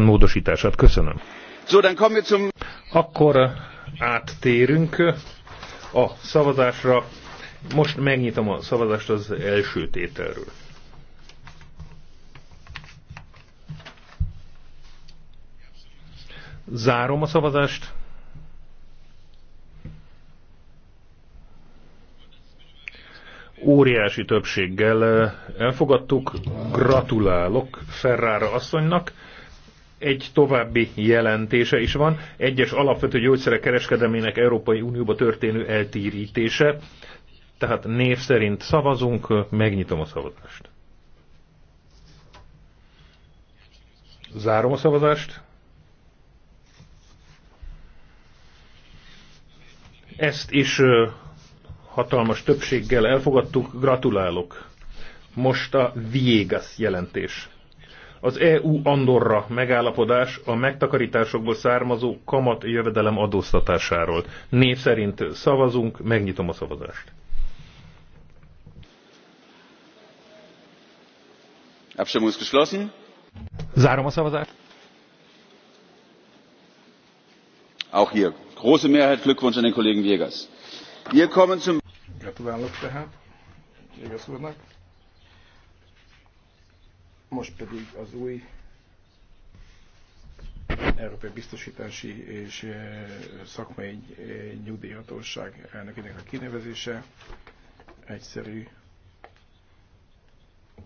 módosítását. Köszönöm. Akkor áttérünk a szavazásra. Most megnyitom a szavazást az első tételről. Zárom a szavazást. Óriási többséggel elfogadtuk. Gratulálok Ferrara asszonynak egy további jelentése is van, egyes alapvető gyógyszerek kereskedelmének Európai Unióba történő eltérítése. Tehát név szerint szavazunk, megnyitom a szavazást. Zárom a szavazást. Ezt is hatalmas többséggel elfogadtuk, gratulálok. Most a Viegas jelentés. Az EU-Andorra megállapodás a megtakarításokból származó kamat jövedelem adóztatásáról. Név szerint szavazunk, megnyitom a szavazást. Abstimmung geschlossen. Zárom a szavazást. Auch hier große Mehrheit. Glückwunsch an den Kollegen Viegas. Wir kommen zum Gratulálok tehát Viegas úrnak. Most pedig az új Európai Biztosítási és eh, Szakmai eh, Nyugdíjhatóság elnökének a kinevezése. Egyszerű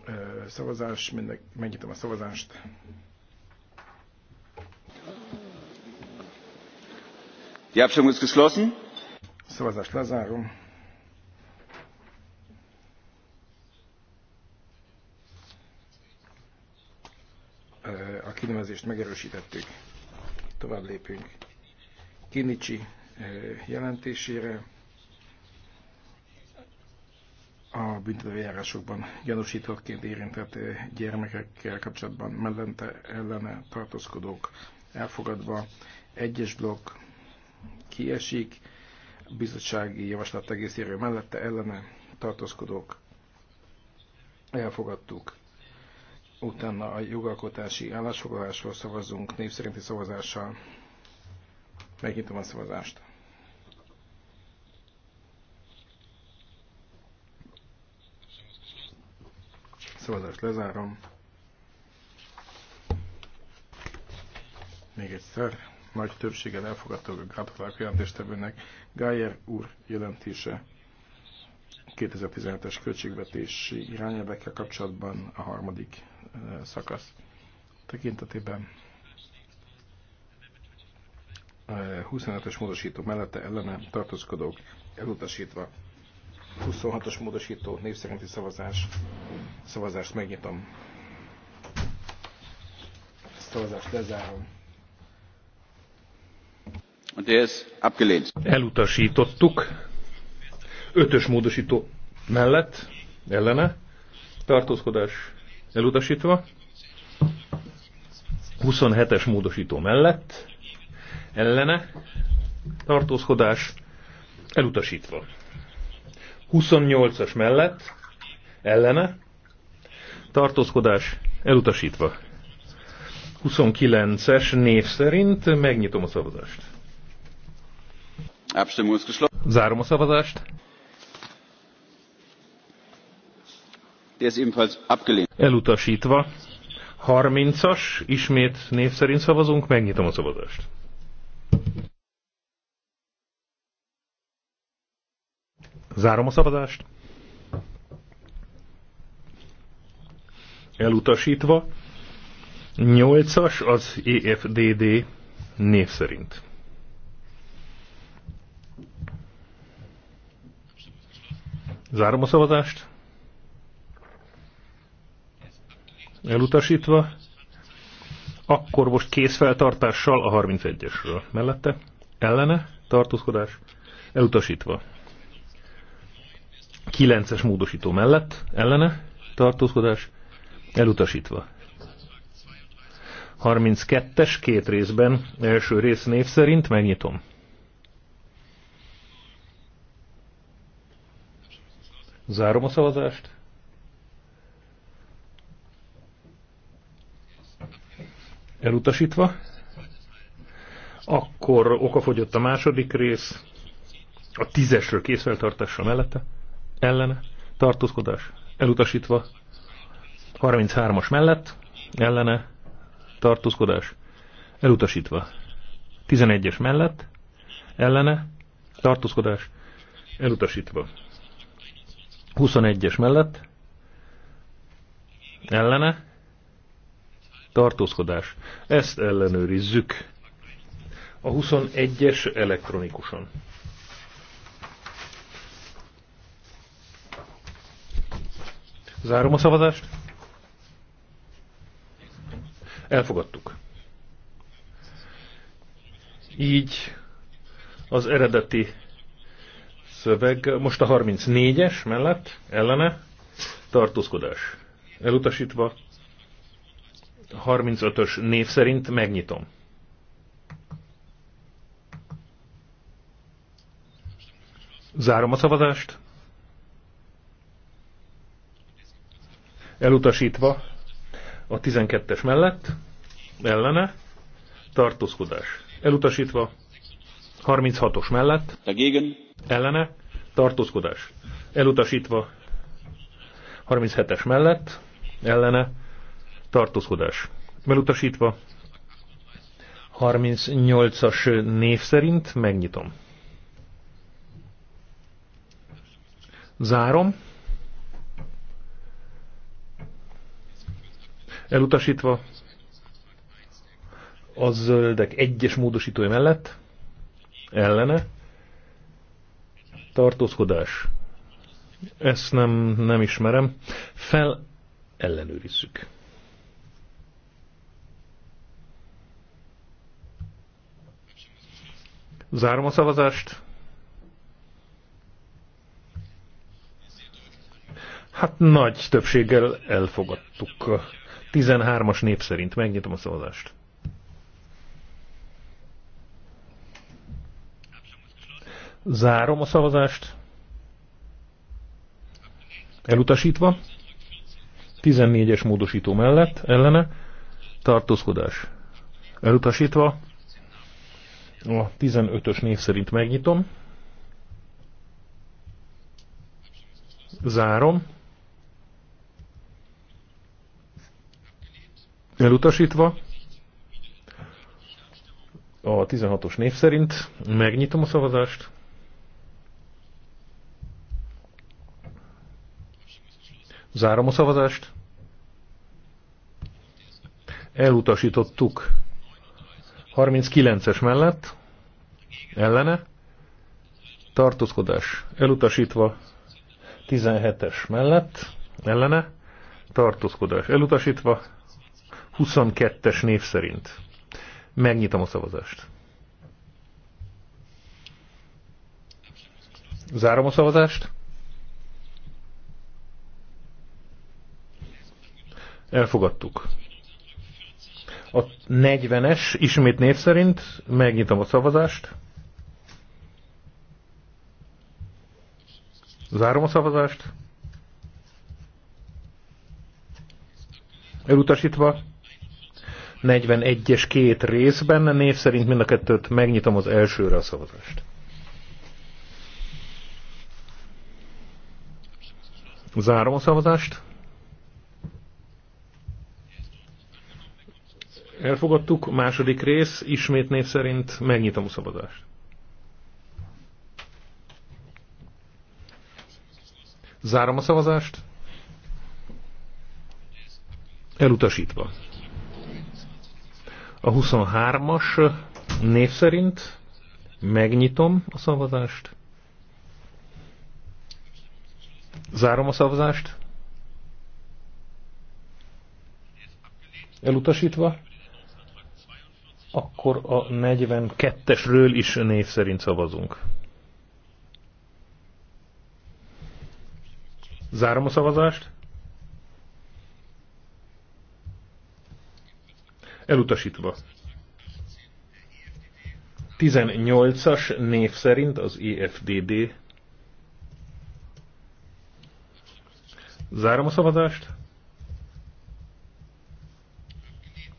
eh, szavazás, megnyitom a szavazást. Die Abstimmung ist geschlossen. Szavazást lezárom. kinevezést megerősítettük. Tovább lépünk. Kinicsi eh, jelentésére a büntetőjárásokban gyanúsítottként érintett eh, gyermekekkel kapcsolatban mellente ellene tartózkodók elfogadva. Egyes blokk kiesik, bizottsági javaslat egészéről mellette ellene tartózkodók elfogadtuk utána a jogalkotási állásfoglalásról szavazunk népszerinti szavazással. Megnyitom a szavazást. Szavazást lezárom. Még egyszer, nagy többséggel elfogadtuk a gratulálok jelentéstevőnek. Gájer úr jelentése 2017-es költségvetési irányelvekkel kapcsolatban a harmadik eh, szakasz tekintetében. 25-ös eh, módosító mellette ellene tartózkodók elutasítva. 26-os módosító név szerinti szavazás. Szavazást megnyitom. Szavazást lezárom. Elutasítottuk. Ötös módosító mellett, ellene, tartózkodás elutasítva. 27-es módosító mellett, ellene, tartózkodás elutasítva. 28-as mellett, ellene, tartózkodás elutasítva. 29-es név szerint megnyitom a szavazást. Zárom a szavazást. Elutasítva. 30-as, ismét név szerint szavazunk, megnyitom a szavazást. Zárom a szavazást. Elutasítva. 8-as az EFDD név szerint. Zárom a szavazást. elutasítva. Akkor most készfeltartással a 31-esről. Mellette ellene tartózkodás elutasítva. 9-es módosító mellett ellene tartózkodás elutasítva. 32-es két részben, első rész név szerint megnyitom. Zárom a szavazást. elutasítva. Akkor okafogyott a második rész, a tízesről készfeltartásra mellette, ellene, tartózkodás elutasítva, 33-as mellett, ellene, tartózkodás elutasítva, 11-es mellett, ellene, tartózkodás elutasítva, 21-es mellett, ellene, tartózkodás. Ezt ellenőrizzük. A 21-es elektronikusan. Zárom a szavazást. Elfogadtuk. Így az eredeti szöveg, most a 34-es mellett, ellene, tartózkodás. Elutasítva 35-ös név szerint megnyitom. Zárom a szavazást. Elutasítva a 12-es mellett, ellene, tartózkodás. Elutasítva 36-os mellett, Dagegen. ellene, tartózkodás. Elutasítva 37-es mellett, ellene, tartózkodás elutasítva. 38-as név szerint megnyitom. Zárom. Elutasítva a zöldek egyes módosítója mellett ellene tartózkodás. Ezt nem, nem ismerem. Fel ellenőrizzük. Zárom a szavazást. Hát nagy többséggel elfogadtuk. 13-as nép szerint. Megnyitom a szavazást. Zárom a szavazást. Elutasítva. 14-es módosító mellett, ellene. Tartózkodás. Elutasítva. A 15-ös név szerint megnyitom. Zárom. Elutasítva. A 16-os név szerint megnyitom a szavazást. Zárom a szavazást. Elutasítottuk 39-es mellett ellene tartózkodás elutasítva 17-es mellett ellene tartózkodás elutasítva 22-es név szerint. Megnyitom a szavazást. Zárom a szavazást. Elfogadtuk. A 40-es, ismét név szerint, megnyitom a szavazást. Zárom a szavazást. Elutasítva. 41-es két részben, név szerint mind a kettőt megnyitom az elsőre a szavazást. Zárom a szavazást. Elfogadtuk, második rész, ismét név szerint megnyitom a szavazást. Zárom a szavazást. Elutasítva. A 23-as név szerint megnyitom a szavazást. Zárom a szavazást. Elutasítva akkor a 42-esről is név szerint szavazunk. Zárom a szavazást. Elutasítva. 18-as név szerint az EFDD. Zárom a szavazást.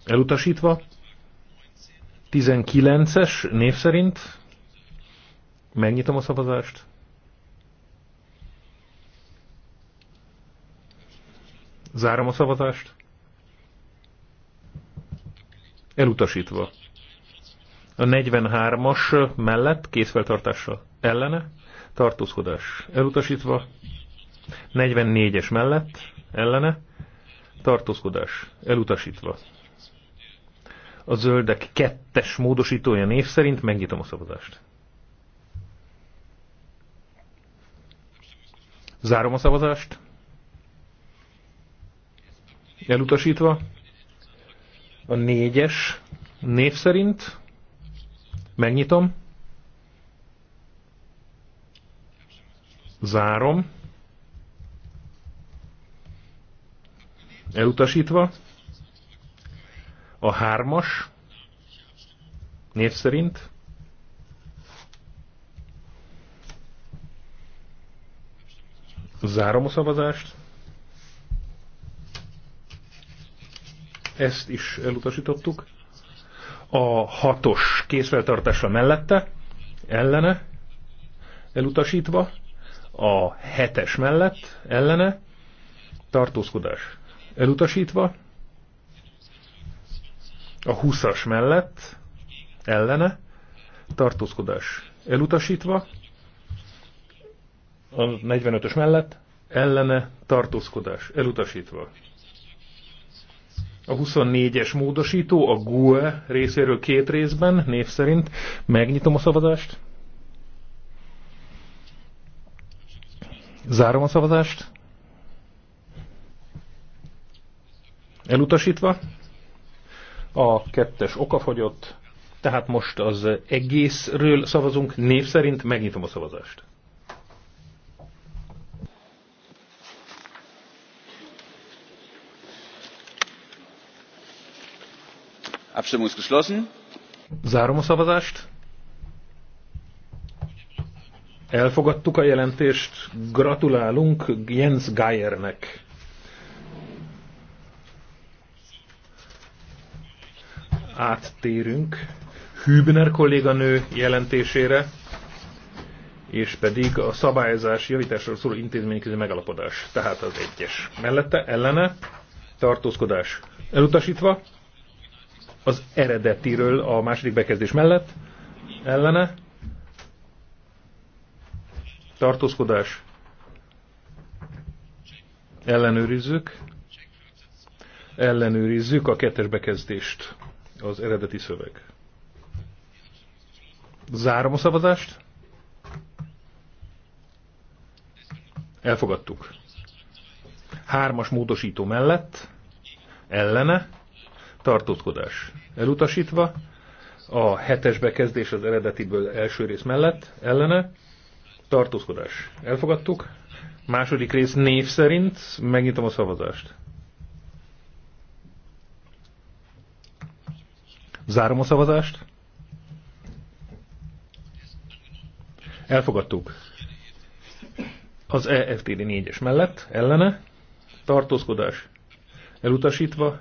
Elutasítva. 19-es név szerint. Megnyitom a szavazást. Zárom a szavazást. Elutasítva. A 43-as mellett készfeltartása ellene, tartózkodás elutasítva. 44-es mellett ellene, tartózkodás elutasítva a zöldek kettes módosítója név szerint. Megnyitom a szavazást. Zárom a szavazást. Elutasítva. A négyes név szerint. Megnyitom. Zárom. Elutasítva. A hármas név szerint zárom a szavazást. Ezt is elutasítottuk. A hatos készfeltartása mellette, ellene, elutasítva. A hetes mellett, ellene, tartózkodás elutasítva. A 20-as mellett ellene tartózkodás elutasítva, a 45-ös mellett ellene tartózkodás elutasítva. A 24-es módosító a GUE részéről két részben, név szerint. Megnyitom a szavazást. Zárom a szavazást. Elutasítva a kettes okafogyott, tehát most az egészről szavazunk, név szerint megnyitom a szavazást. Abstimmung ist geschlossen. Zárom a szavazást. Elfogadtuk a jelentést, gratulálunk Jens Geiernek. áttérünk Hübner kolléganő jelentésére, és pedig a szabályozás javításról szóló intézményközi megalapodás, tehát az egyes. Mellette ellene tartózkodás elutasítva, az eredetiről a második bekezdés mellett ellene tartózkodás ellenőrizzük, ellenőrizzük a kettes bekezdést az eredeti szöveg. Zárom a szavazást. Elfogadtuk. Hármas módosító mellett, ellene, tartózkodás elutasítva, a hetes bekezdés az eredetiből első rész mellett, ellene, tartózkodás. Elfogadtuk. Második rész név szerint megnyitom a szavazást. Zárom a szavazást. Elfogadtuk. Az EFTD 4-es mellett, ellene, tartózkodás elutasítva,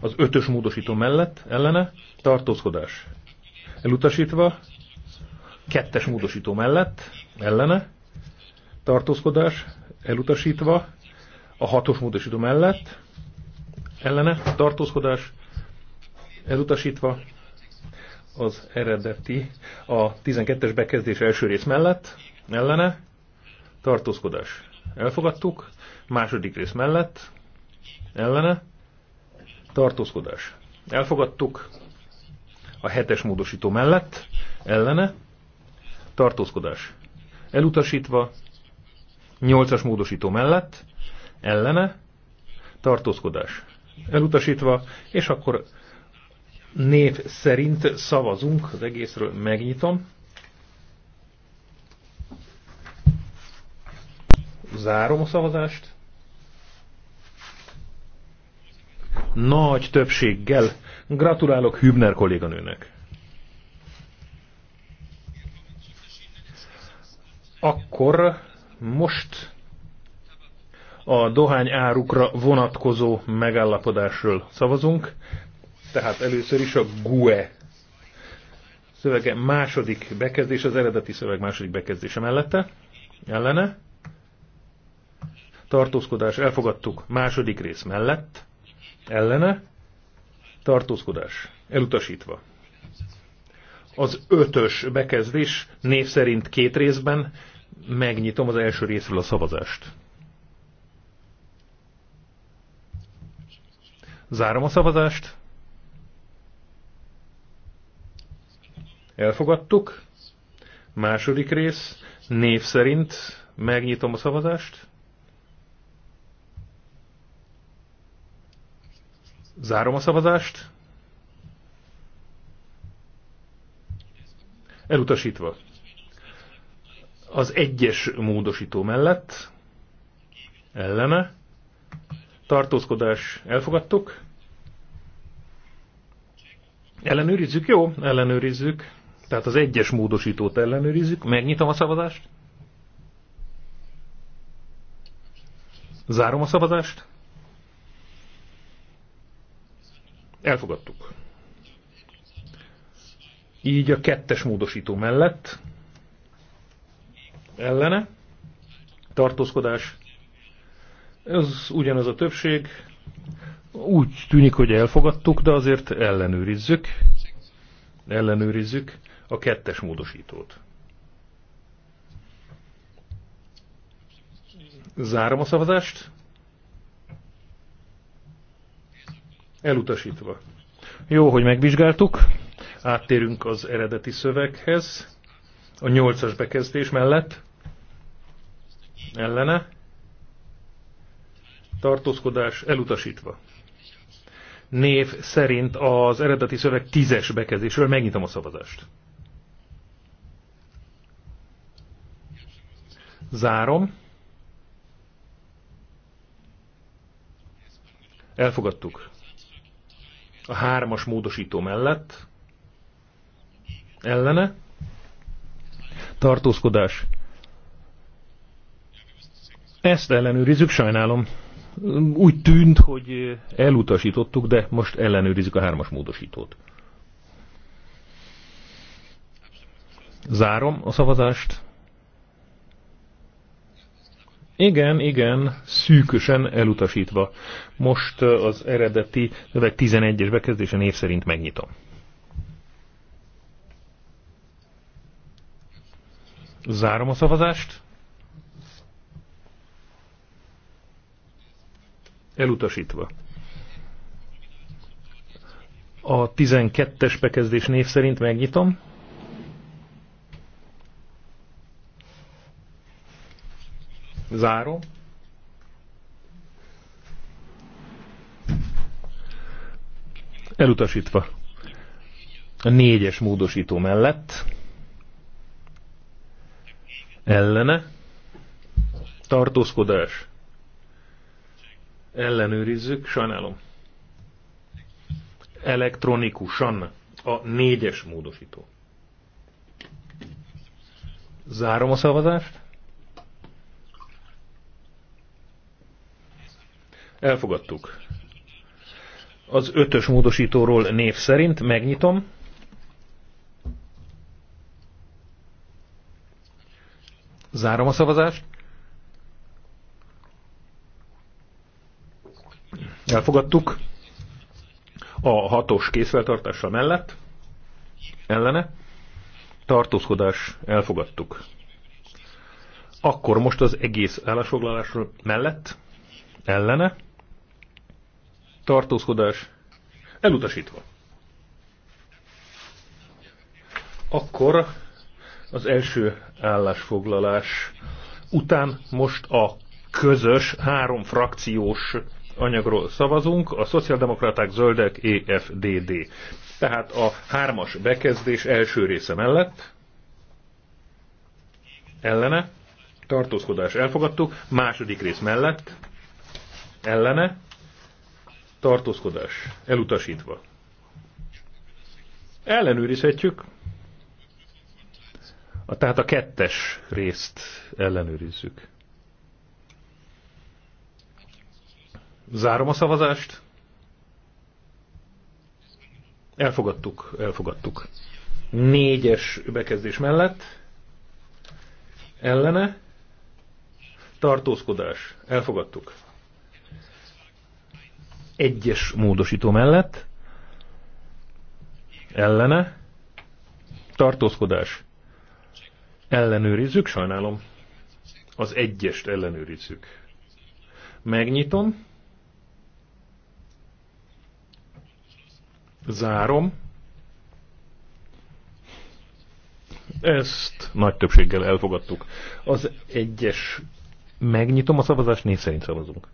az ötös módosító mellett, ellene, tartózkodás elutasítva, kettes módosító mellett, ellene, tartózkodás elutasítva, a hatos módosító mellett, ellene, tartózkodás elutasítva az eredeti a 12-es bekezdés első rész mellett, ellene, tartózkodás. Elfogadtuk, második rész mellett, ellene, tartózkodás. Elfogadtuk a hetes módosító mellett, ellene, tartózkodás. Elutasítva, nyolcas módosító mellett, ellene, tartózkodás. Elutasítva, és akkor név szerint szavazunk az egészről, megnyitom. Zárom a szavazást. Nagy többséggel gratulálok Hübner kolléganőnek. Akkor most a dohány árukra vonatkozó megállapodásról szavazunk. Tehát először is a GUE szövege második bekezdés, az eredeti szöveg második bekezdése mellette, ellene. Tartózkodás, elfogadtuk második rész mellett, ellene. Tartózkodás, elutasítva. Az ötös bekezdés név szerint két részben, megnyitom az első részről a szavazást. Zárom a szavazást. Elfogadtuk. Második rész, név szerint megnyitom a szavazást. Zárom a szavazást. Elutasítva. Az egyes módosító mellett ellene. Tartózkodás elfogadtuk. Ellenőrizzük, jó? Ellenőrizzük. Tehát az egyes módosítót ellenőrizzük. Megnyitom a szavazást. Zárom a szavazást. Elfogadtuk. Így a kettes módosító mellett ellene tartózkodás. Ez ugyanaz a többség. Úgy tűnik, hogy elfogadtuk, de azért ellenőrizzük. Ellenőrizzük a kettes módosítót. Zárom a szavazást. Elutasítva. Jó, hogy megvizsgáltuk. Áttérünk az eredeti szöveghez. A nyolcas bekezdés mellett. Ellene. Tartózkodás elutasítva. Név szerint az eredeti szöveg tízes bekezdésről megnyitom a szavazást. Zárom. Elfogadtuk. A hármas módosító mellett. Ellene. Tartózkodás. Ezt ellenőrizzük, sajnálom. Úgy tűnt, hogy elutasítottuk, de most ellenőrizzük a hármas módosítót. Zárom a szavazást. Igen, igen, szűkösen elutasítva. Most az eredeti vagy 11-es bekezdése név szerint megnyitom. Zárom a szavazást. Elutasítva. A 12-es bekezdés név szerint megnyitom. Záró. Elutasítva. A négyes módosító mellett. Ellene. Tartózkodás. Ellenőrizzük, sajnálom. Elektronikusan a négyes módosító. Zárom a szavazást. Elfogadtuk. Az ötös módosítóról név szerint megnyitom. Zárom a szavazást. Elfogadtuk. A hatos készfeltartása mellett. Ellene. Tartózkodás. Elfogadtuk. Akkor most az egész állásfoglalásról mellett. Ellene tartózkodás elutasítva. Akkor az első állásfoglalás után most a közös három frakciós anyagról szavazunk, a szociáldemokraták, zöldek, EFDD. Tehát a hármas bekezdés első része mellett ellene, tartózkodás elfogadtuk, második rész mellett ellene, tartózkodás elutasítva. Ellenőrizhetjük, a, tehát a kettes részt ellenőrizzük. Zárom a szavazást. Elfogadtuk, elfogadtuk. Négyes bekezdés mellett. Ellene. Tartózkodás. Elfogadtuk egyes módosító mellett, ellene, tartózkodás, ellenőrizzük, sajnálom, az egyest ellenőrizzük. Megnyitom, zárom, ezt nagy többséggel elfogadtuk. Az egyes megnyitom a szavazást, név szerint szavazunk.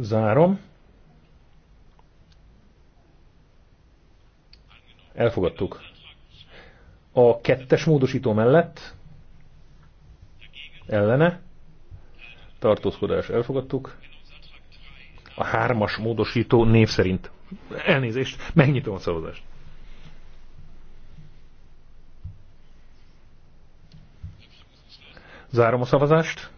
Zárom. Elfogadtuk. A kettes módosító mellett ellene tartózkodás elfogadtuk. A hármas módosító név szerint. Elnézést, megnyitom a szavazást. Zárom a szavazást.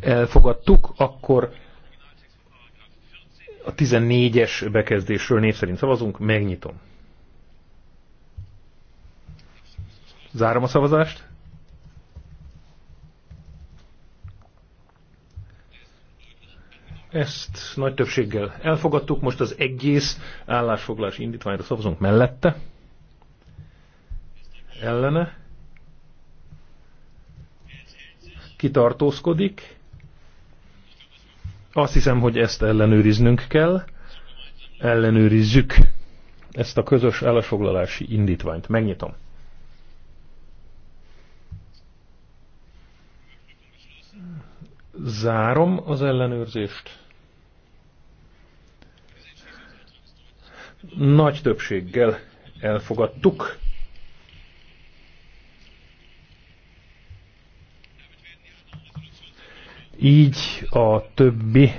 elfogadtuk, akkor a 14-es bekezdésről név szerint szavazunk, megnyitom. Zárom a szavazást. Ezt nagy többséggel elfogadtuk, most az egész állásfoglalás indítványra szavazunk mellette. Ellene. Kitartózkodik. Azt hiszem, hogy ezt ellenőriznünk kell. Ellenőrizzük ezt a közös állásfoglalási indítványt. Megnyitom. Zárom az ellenőrzést. Nagy többséggel elfogadtuk így a többi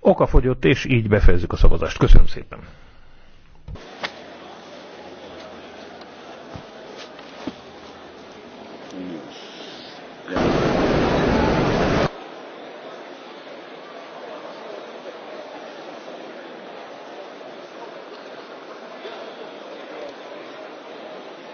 okafogyott, és így befejezzük a szavazást. Köszönöm szépen!